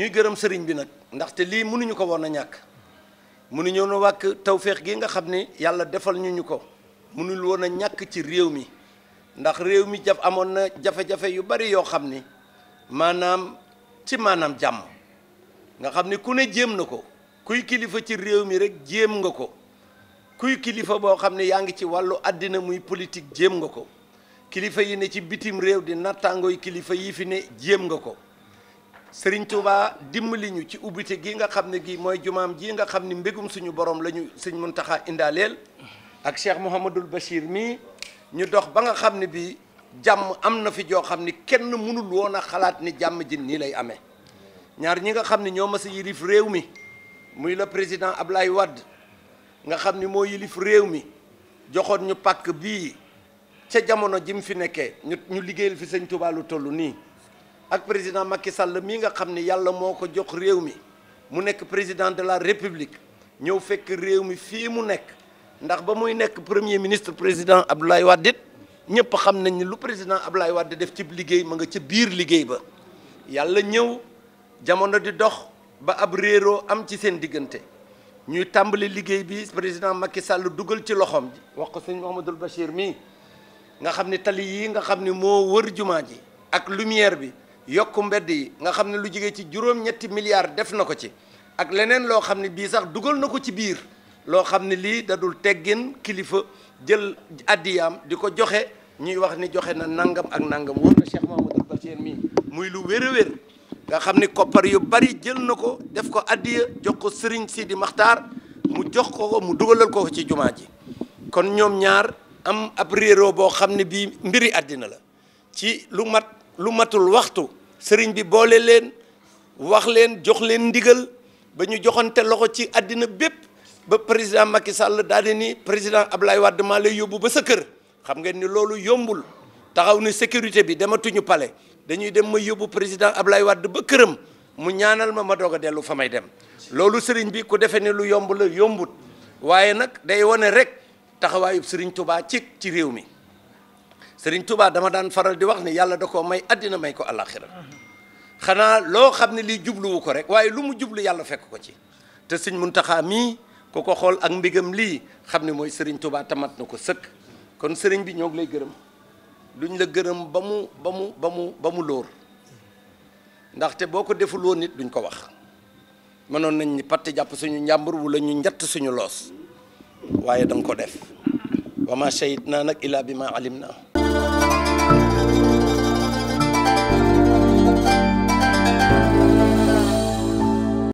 ñuy gërëm sëriñ bi nag ndaxte lii munuñu ko woon a ñàkk mënuñu woon a wàkk tawféex gi nga xam ni yàlla defal ñu ñu ko mënul woon a ñàkk ci réew mi ndax réew mi jaf amoon na jafe-jafe yu bari yoo xam ni maanaam ci maanaam jàmm nga xam ni ku ne jéem na ko kuy kilifa ci réew mi rek jéem nga ko kuy kilifa boo xam ne yaa ngi ci wàllu àddina muy politique jéem nga ko kilifa yi ne ci bitim réew di nattaangooy kilifa yi fi ne jéem nga ko sëriñ Touba dimbali ñu ci ubbite gi nga xam ne gi mooy jumaam ji nga xam ni mbégum suñu borom la ñu sëñ Muntaxa indaaleel ak Cheikh Mouhamadul bashir mii ñu dox ba nga xam ne bii jàmm am na fi joo xam ni kenn mënul woon a xalaat ni jàmm ji nii lay amee ñaar ñi nga xam ni ñoo mas a yilif réew mi muy la président Ablaye Wade nga xam ni moo yilif réew mi joxoon ñu pakk bii ca jamono ji mu fi nekkee ñu ñu liggéeyal fi sëñ Touba lu toll nii ak président Macky Sall mii nga xam ni yàlla moo ko jox réew mi mu nekk président de la république ñëw fekk réew mi fii mu nekk ndax ba muy nekk premier ministre président Abdoulaye Wade ñëpp xam nañ ni lu président Abdoulaye Wade def ci liggéey ma nga ca biir liggéey ba yàlla ñëw jamono di dox ba ab réeroo am ci seen diggante ñuy tàmbali liggéey bi président Macky Sall dugal ci loxoom ji wax ko sëñ Mouhamadoul Bachir mii nga xam ni tali yii nga xam ni moo wër jumaa ji ak lumière bi yokk mbedd yi nga xam ne lu jigee ci juróom-ñetti milliards def na ko ci ak leneen loo xam ne bii sax dugal na ko ci biir loo xam ne lii dadul teggin kilifa jël addiyaam di ko joxe ñuy wax ni joxe na nangam ak nangam wóor na Cheikh Mahamadou Bachir mii muy lu wér wér nga xam ne koppar yu bari jël na ko def ko addiya jox ko Serigne di Maxtaar mu jox ko ko mu dugalal ko ci jumaa ji kon ñoom ñaar am ab réeroo boo xam ne bii mbiri àddina la ci lu mat lu matul waxtu sëriñ bi boole leen wax leen jox leen ndigal ba ñu joxante loxo ci àddina bépp ba président Macky sàll daal ni président Ablaye Wade maa lay yóbbu ba sa kër xam ngeen ni loolu yombul taxaw ni sécurité bi dematuñu pale dañuy dem ma yóbbu président Ablaye Wade ba këram mu ñaanal ma ma doog a dellu fa may dem. loolu sëriñ bi ku defee ni lu yomb la yombut waaye nag day wane rek taxawaayu sëriñ Touba ci ci réew mi. Sëriñ Tuubaa dama daan faral di wax ni yàlla da koo may àddina may ko àllaaxira xanaa loo xam ne lii jubluwu ko rek waaye lu mu jublu yàlla fekk ko ci te sëñ Muntaxa mii ku ko xool ak mbigam lii xam ne mooy Sëriñ Tuubaa tamat na ko sëkk kon sëriñ bi ñoo ngi lay gërëm duñ la gërëm ba mu ba mu ba mu ba mu lóor ndaxte boo ko defuloo nit duñ ko wax mënoon nañ ni patt jàpp suñu njàmbur wala ñu njatt suñu loos waaye danga ko def wa ma shahidnaa nag illaa bi ma alim